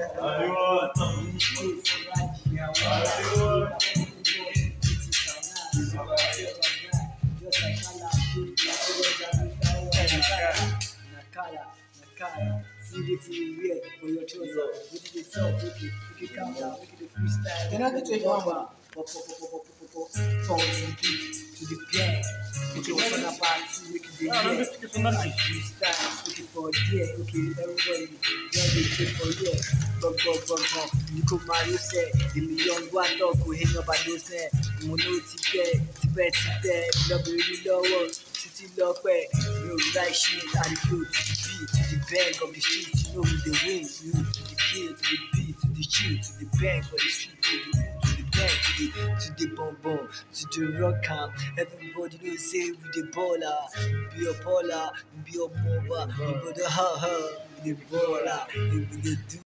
Tunafanya party for yeah, okay, everybody just a trip for yeah. Bum bum bum bum, you could marry say, the one dog who hang up at this net. Mono ticket, Tibet, Tibet, double lower, city locker, no like shit, and if you to the beat, to the bank of the street, you know with the wings, you to the kill, to the beat, to the chill, to the bank of the street, to the to the bomb bomb, to the rocker. Everybody know say we the baller, be a baller, be a mover, we go the ha ha, we the baller, we the do.